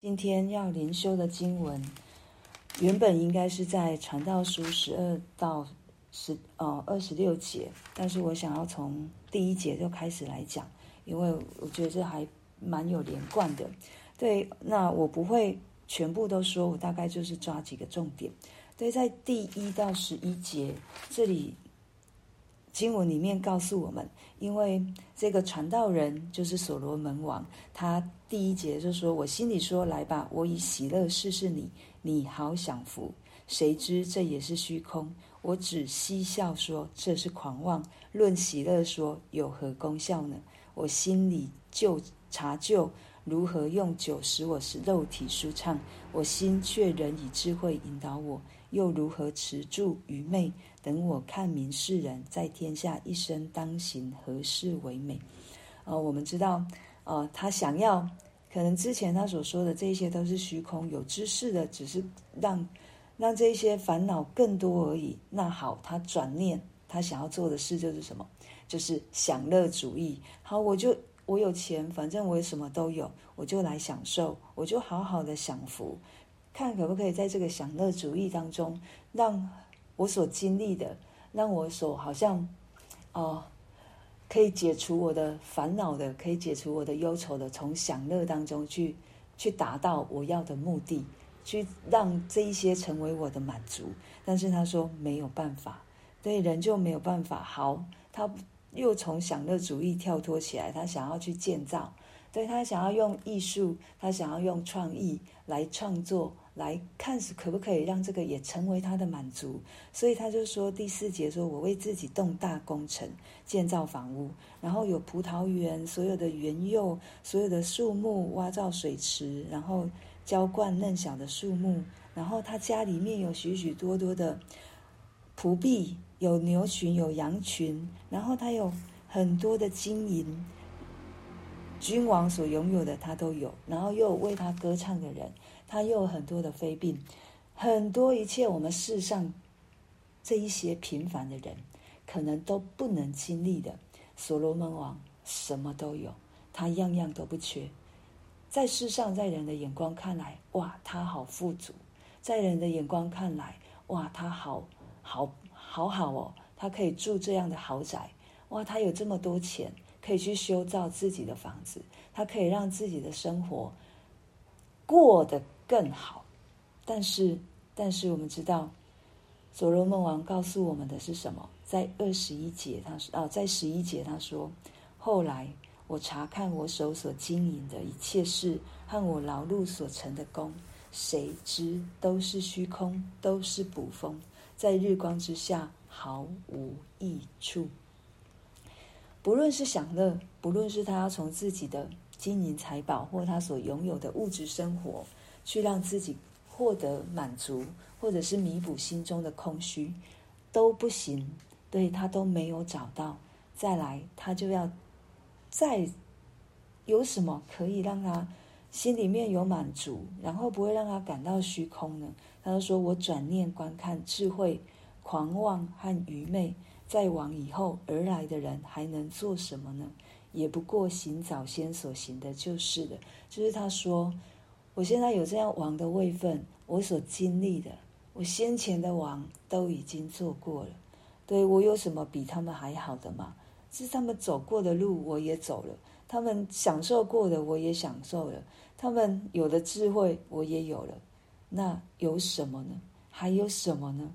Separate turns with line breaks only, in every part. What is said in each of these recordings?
今天要靈修的經文，原本應該是在傳道書十二到十呃二十六節，但是我想要從第一節就開始來講，因為我覺得這還蠻有連貫的。對，那我不會全部都說，我大概就是抓幾個重點。對，在第一到十一節這裡。經文裡面告訴我們，因為這個傳道人就是所羅門王，他第一節就說：“我心裡說，來吧，我以喜樂試試你，你好享福。誰知這也是虛空。我只嬉笑說，這是狂妄。論喜樂說，有何功效呢？我心裡就查究如何用酒使我是肉體舒暢。我心卻仍以智慧引導我，又如何持住愚昧？”等我看明世人，在天下一生當行何事為美？啊、呃，我們知道，啊、呃，他想要，可能之前他所說的這些都是虛空，有知識的只是讓讓這些煩惱更多而已。那好，他轉念，他想要做的事就是什麼？就是享樂主義。好，我就我有錢，反正我什麼都有，我就來享受，我就好好的享福，看可不可以在這個享樂主義當中讓。我所經歷的，讓我所好像，哦，可以解除我的煩惱的，可以解除我的憂愁的，從享樂當中去去達到我要的目的，去讓這一些成為我的滿足。但是他說沒有辦法，對，人就沒有辦法。好，他又從享樂主義跳脫起來，他想要去建造。對，他想要用藝術，他想要用創意來創作，來看是可不可以讓這個也成為他的滿足。所以他就說第四節說：“我為自己動大工程，建造房屋，然後有葡萄園，所有的園囿，所有的樹木，挖造水池，然後澆灌嫩小的樹木。然後他家裡面有許許多多的僕婢，有牛群，有羊群，然後他有很多的金銀。”君王所擁有的，他都有；然後又為他歌唱的人，他又有很多的妃嬪，很多一切我們世上這一些平凡的人可能都不能經歷的。所羅門王什麼都有，他樣樣都不缺。在世上，在人的眼光看來，哇，他好富足；在人的眼光看來，哇，他好，好，好好哦，他可以住這樣的豪宅，哇，他有這麼多錢。可以去修造自己的房子，他可以讓自己的生活過得更好。但是，但是我們知道，所羅門王告訴我們的是什麼？在二十一節，他說哦，在十一節他說：“後來我查看我手所經營的一切事和我勞碌所成的功，誰知都是虛空，都是捕風，在日光之下毫無益處。”不論是享樂，不論是他要從自己的金銀財寶或他所擁有的物質生活去讓自己獲得滿足，或者是彌補心中的空虛，都不行。對，他都沒有找到，再來他就要再有什麼可以讓他心裡面有滿足，然後不會讓他感到虛空呢？他就說：“我轉念觀看智慧、狂妄和愚昧。”在王以後而來的人還能做什麼呢？也不過行早先所行的，就是了。就是他說：“我現在有這樣王的位分，我所經歷的，我先前的王都已經做過了。對，我有什麼比他們還好的嗎？是他們走過的路我也走了，他們享受過的我也享受了，他們有的智慧我也有了。那有什麼呢？還有什麼呢？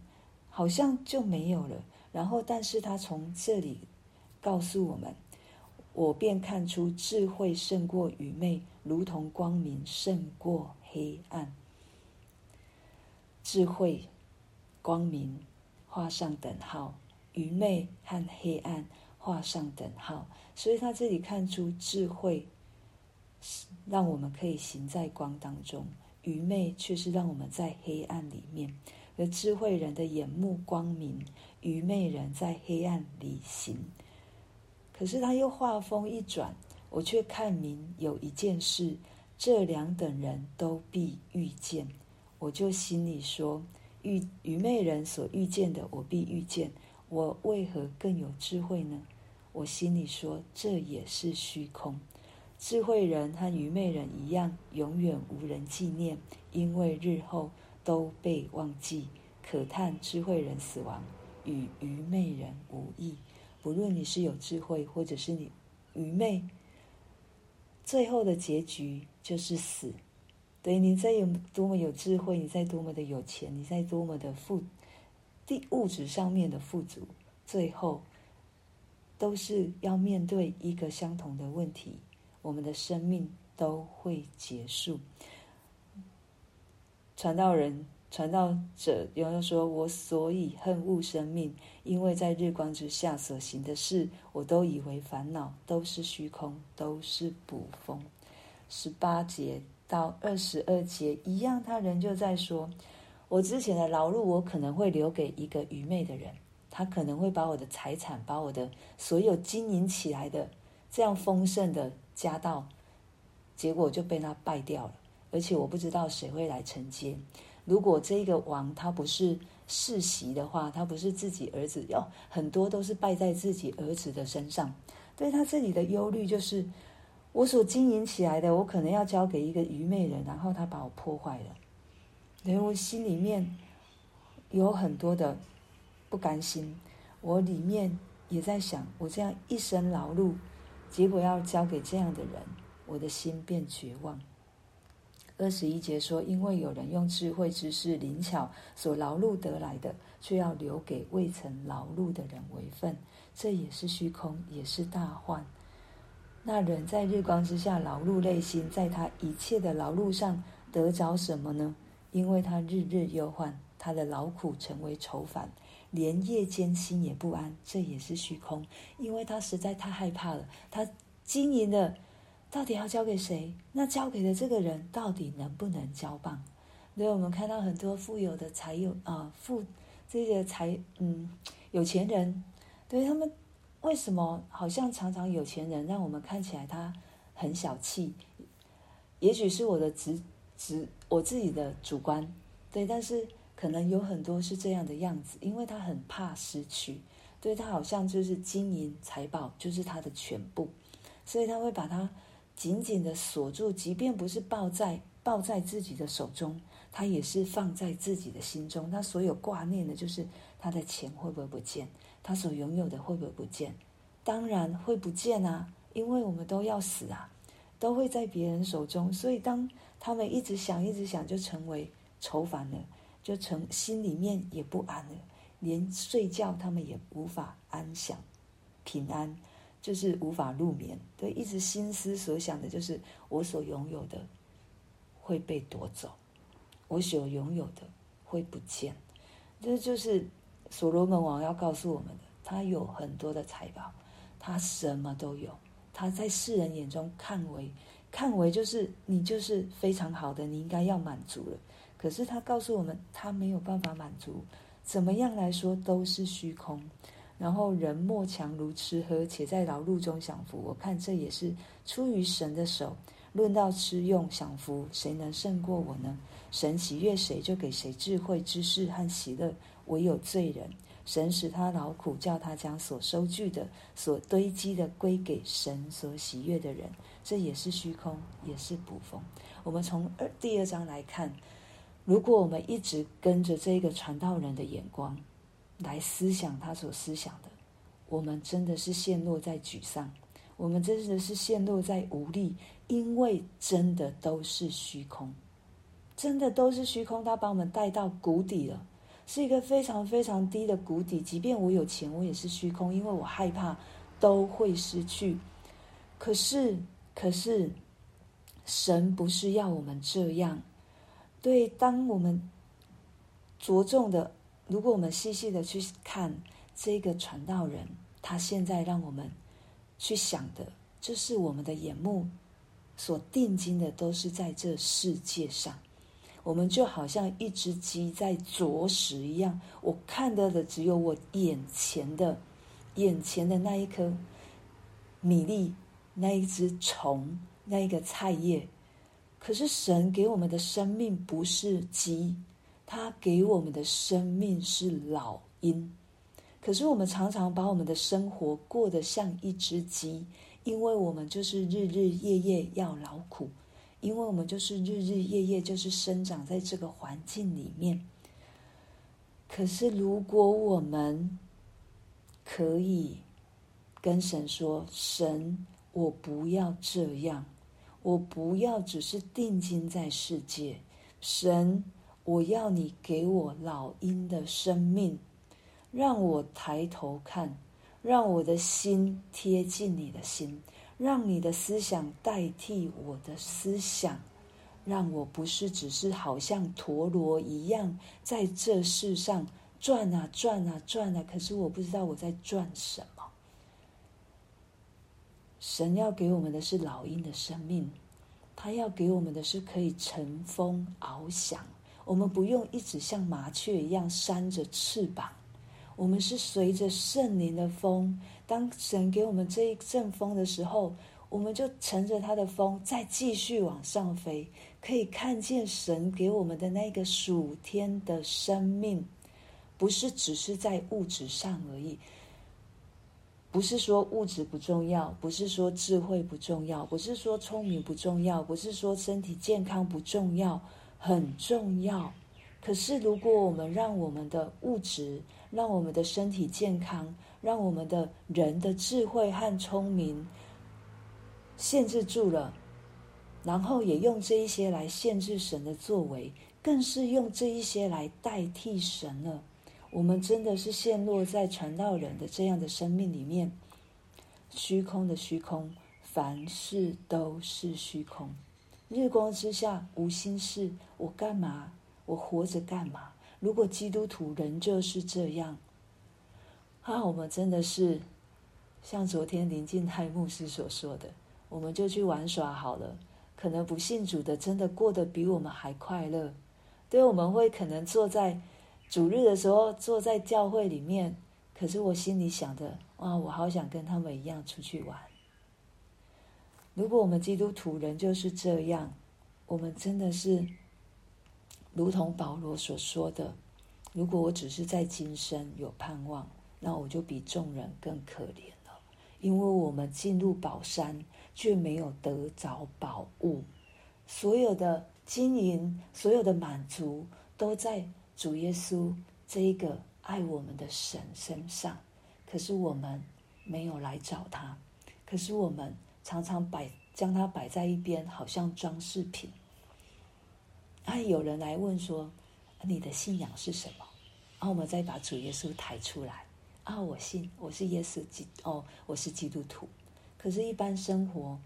好像就沒有了。”然後，但是他從這裡告訴我們，我便看出智慧勝過愚昧，如同光明勝過黑暗。智慧、光明畫上等號，愚昧和黑暗畫上等號。所以他這裡看出智慧，讓我們可以行在光當中；愚昧卻是讓我們在黑暗裡面。和智慧人的眼目光明，愚昧人在黑暗裡行。可是他又話鋒一轉，我卻看明有一件事，這兩等人都必遇見。我就心裡說：愚愚昧人所遇見的，我必遇見。我為何更有智慧呢？我心裡說：這也是虛空。智慧人和愚昧人一樣，永遠無人紀念，因為日後。都被忘記，可嘆智慧人死亡，與愚昧人無異。不論你是有智慧，或者是你愚昧，最後的結局就是死。對，你再有多麼有智慧，你再多麼的有錢，你再多麼的富，地物質上面的富足，最後都是要面對一個相同的問題：我們的生命都會結束。傳道人、傳道者，然後說：“我所以恨惡生命，因為在日光之下所行的事，我都以為煩惱，都是虛空，都是捕風。”十八節到二十二節一樣，他仍舊在說：“我之前的勞碌，我可能會留給一個愚昧的人，他可能會把我的財產，把我的所有經營起來的這樣豐盛的家道，結果就被他敗掉了。”而且我不知道誰會來承接。如果這個王他不是世襲的話，他不是自己兒子，喲、哦，很多都是敗在自己兒子的身上。對，他這裡的憂慮就是，我所經營起來的，我可能要交給一個愚昧人，然後他把我破壞了。所以我心裡面有很多的不甘心，我裡面也在想，我這樣一生勞碌，結果要交給這樣的人，我的心變絕望。二十一節說：因為有人用智慧、知識、靈巧所勞碌得來的，卻要留給未曾勞碌的人為分，這也是虛空，也是大患。那人在日光之下勞碌累心，在他一切的勞碌上得着什麼呢？因為他日日憂患，他的勞苦成為愁煩，連夜間心也不安。這也是虛空，因為他實在太害怕了。他經營的。到底要交給誰？那交給的這個人到底能不能交棒？對，我們看到很多富有的才有啊，富，這些、個、財嗯有錢人，對他們為什麼好像常常有錢人讓我們看起來他很小氣？也許是我的直直，我自己的主觀對，但是可能有很多是這樣的樣子，因為他很怕失去，對他好像就是金銀財寶就是他的全部，所以他會把他。緊緊的鎖住，即便不是抱在抱在自己的手中，他也是放在自己的心中。他所有掛念的就是他的錢會不會不見，他所擁有的會不會不見？當然會不見啊，因為我們都要死啊，都會在別人手中。所以當他們一直想，一直想，就成為愁煩了，就成心裡面也不安了，連睡覺他們也無法安享平安。就是無法入眠，對，一直心思所想的就是我所擁有的會被奪走，我所擁有的會不見，這就是所羅門王要告訴我們的。他有很多的財寶，他什麼都有，他在世人眼中看為看為就是你就是非常好的，你應該要滿足了。可是他告訴我們，他沒有辦法滿足，怎麼樣來說都是虛空。然後人莫強如吃喝，且在勞碌中享福。我看這也是出於神的手。論到吃用享福，誰能勝過我呢？神喜悅誰，就給誰智慧、知識和喜樂。唯有罪人，神使他勞苦，叫他將所收聚的、所堆積的歸給神所喜悅的人。這也是虛空，也是捕風。我們從二第二章來看，如果我們一直跟着這個傳道人的眼光。來思想他所思想的，我們真的是陷落在沮喪，我們真的是陷落在無力，因為真的都是虛空，真的都是虛空，他把我們帶到谷底了，是一個非常非常低的谷底。即便我有錢，我也是虛空，因為我害怕都會失去。可是，可是，神不是要我們這樣。對，當我們着重的。如果我們細細的去看這個傳道人，他現在讓我們去想的，就是我們的眼目所定睛的都是在這世界上，我們就好像一隻雞在啄食一樣，我看到的只有我眼前的、眼前的那一顆米粒、那一隻蟲、那一個菜葉。可是神給我們的生命不是雞。他給我們的生命是老鷹，可是我們常常把我們的生活過得像一隻雞，因為我們就是日日夜夜要勞苦，因為我們就是日日夜夜就是生長在這個環境裡面。可是如果我們可以跟神說：“神，我不要這樣，我不要只是定睛在世界。”神。我要你給我老鷹的生命，讓我抬頭看，讓我的心貼近你的心，讓你的思想代替我的思想，讓我不是只是好像陀螺一樣在這世上轉啊轉啊轉啊，可是我不知道我在轉什麼。神要給我們的是老鷹的生命，他要給我們的是可以乘風翱翔。我們不用一直像麻雀一樣扇着翅膀，我們是隨着聖靈的風。當神給我們這一陣風的時候，我們就乘着他的風，再繼續往上飛，可以看見神給我們的那個屬天的生命，不是只是在物質上而已。不是說物質不重要，不是說智慧不重要，不是說聰明不重要，不是說身體健康不重要。很重要，可是如果我們讓我們的物質、讓我們的身體健康、讓我們的人的智慧和聰明限制住了，然後也用這一些來限制神的作為，更是用這一些來代替神了。我們真的是陷落在傳道人的這樣的生命裡面，虛空的虛空，凡事都是虛空。日光之下無心事，我幹嘛？我活着幹嘛？如果基督徒仍舊是這樣，啊，我們真的是像昨天臨近泰牧師所說的，我們就去玩耍好了。可能不信主的真的過得比我們還快樂。對，我們會可能坐在主日的時候坐在教會裡面，可是我心裡想着，哇、啊，我好想跟他們一樣出去玩。如果我們基督徒人就是這樣，我們真的是如同保羅所說的：“如果我只是在今生有盼望，那我就比眾人更可憐了，因為我們進入寶山卻沒有得着寶物。所有的金銀，所有的滿足，都在主耶穌這一個愛我們的神身上，可是我們沒有來找他，可是我們。”常常擺將它擺在一邊，好像裝飾品。啊，有人來問說：“你的信仰是什麼？”然後啊，我們再把主耶穌抬出來。啊，我信，我是耶穌基哦，我是基督徒。可是，一般生活，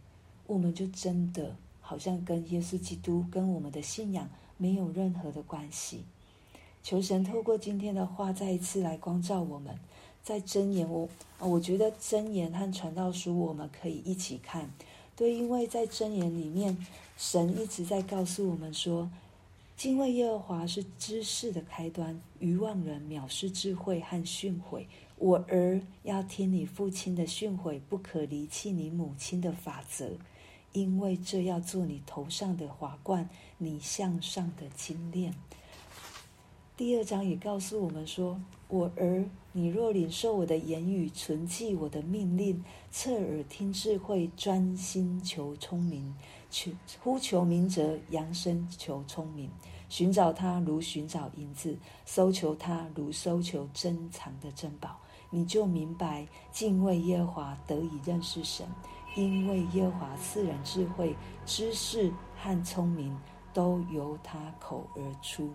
我們就真的好像跟耶穌基督、跟我們的信仰沒有任何的關係。求神透過今天的話，再一次來光照我們。在箴言，我我覺得箴言和傳道書，我們可以一起看，對，因為在箴言裡面，神一直在告訴我們說，敬畏耶和華是知識的開端，愚妄人藐視智慧和訓誨。我兒，要聽你父親的訓誨，不可離棄你母親的法則，因為這要做你頭上的華冠，你項上的金鍊。第二章也告訴我們說：“我兒，你若領受我的言語，存記我的命令，側耳聽智慧，專心求聰明，呼求明哲，揚聲求聰明，尋找他如尋找銀子，搜求他如搜求珍藏的珍寶，你就明白敬畏耶和華得以認識神，因為耶和華賜人智慧、知識和聰明，都由他口而出。”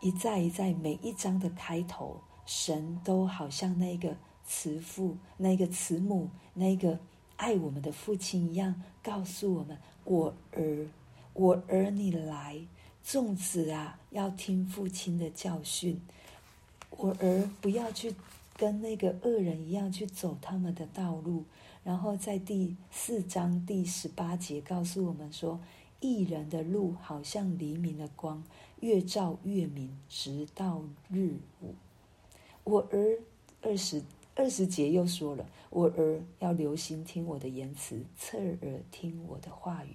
一再一再，每一章的開頭，神都好像那個慈父、那個慈母、那個愛我們的父親一樣，告訴我們：“我兒，我兒，你來，眾子啊，要聽父親的教訓。我兒，不要去跟那個惡人一樣去走他們的道路。”然後在第四章第十八節告訴我們說：“義人的路好像黎明的光。”越照越明，直到日午。我兒二十二十節又說了，我兒要留心聽我的言辭，側耳聽我的話語，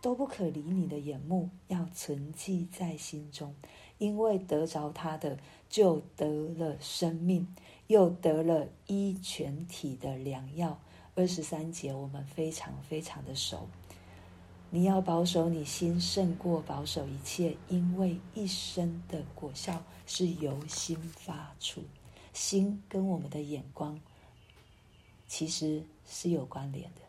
都不可離你的眼目，要存記在心中，因為得着他的，就得了生命，又得了醫全體的良藥。二十三節，我們非常非常的熟。你要保守你心勝過保守一切，因為一生的果效是由心發出。心跟我們的眼光其實是有關聯的。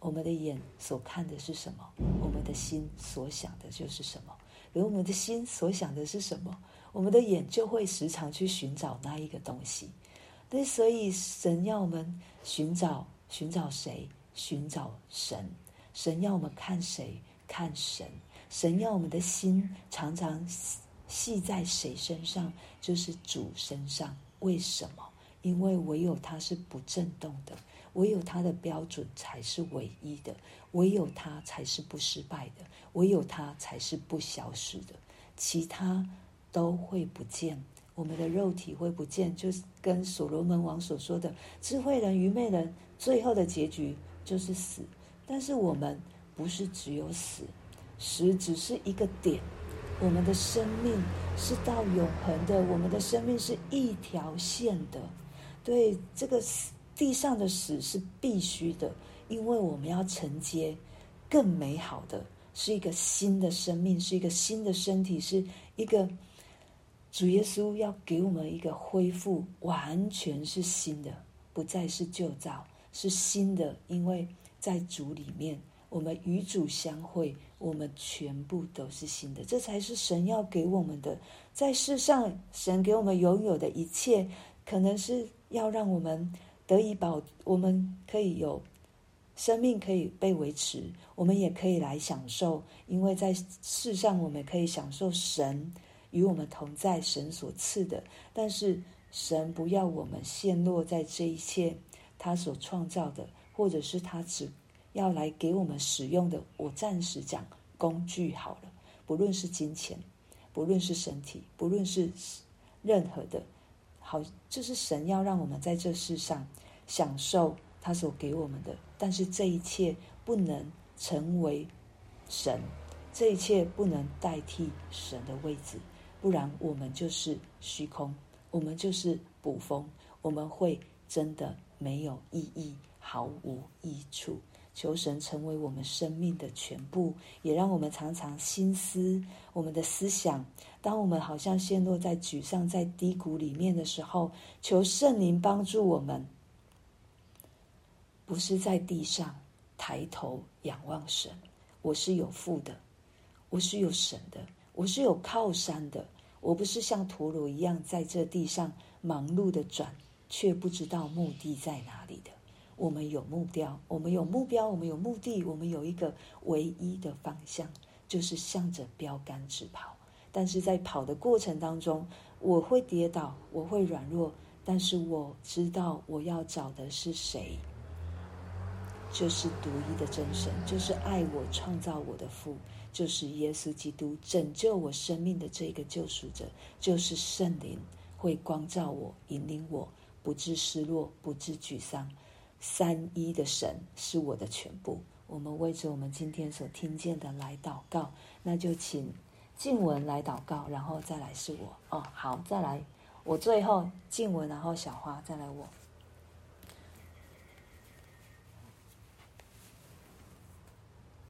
我們的眼所看的是什麼，我們的心所想的就是什麼。如果我們的心所想的是什麼，我們的眼就會時常去尋找那一個東西。那所以神要我們尋找，尋找誰？尋找神。神要我們看誰？看神。神要我們的心常常繫在誰身上？就是主身上。為什麼？因為唯有他是不震動的，唯有他的標準才是唯一的，唯有他才是不失敗的，唯有他才是不消失的。其他都會不見，我們的肉體會不見，就跟所羅門王所說的：“智慧人、愚昧人，最後的結局就是死。”但是我們不是只有死，死只是一個點，我們的生命是到永恆的，我們的生命是一條線的。對這個地上的死是必須的，因為我們要承接更美好的，是一個新的生命，是一個新的身體，是一個主耶穌要給我們一個恢復，完全是新的，不再是舊造，是新的，因為。在主裡面，我們與主相會，我們全部都是新的。這才是神要給我們的。在世上，神給我們擁有的一切，可能是要讓我們得以保，我們可以有生命可以被維持，我們也可以來享受，因為在世上我們可以享受神與我們同在，神所賜的。但是，神不要我們陷落在這一切他所創造的。或者是他只要來給我們使用的，我暫時講工具好了。不論是金錢，不論是身體，不論是任何的，好，這、就是神要讓我們在這世上享受他所給我們的。但是這一切不能成為神，這一切不能代替神的位置，不然我們就是虛空，我們就是捕風，我們會真的沒有意義。毫無益處。求神成為我們生命的全部，也讓我們常常心思我們的思想。當我們好像陷落在沮喪、在低谷裡面的時候，求聖靈幫助我們。不是在地上抬頭仰望神，我是有父的，我是有神的，我是有靠山的。我不是像陀螺一樣在這地上忙碌地轉，卻不知道目的在哪裡的。我們有目標，我們有目標，我們有目的，我們有一個唯一的方向，就是向着標杆直跑。但是在跑的過程當中，我會跌倒，我會軟弱，但是我知道我要找的是誰，就是獨一的真神，就是愛我、創造我的父，就是耶穌基督拯救我生命的這個救贖者，就是聖靈會光照我、引領我，不致失落，不致沮喪。三一的神是我的全部。我們為着我們今天所聽見的來禱告，那就請靜文來禱告，然後再來是我。哦，好，再來，我最後靜文，然後小花，再來我。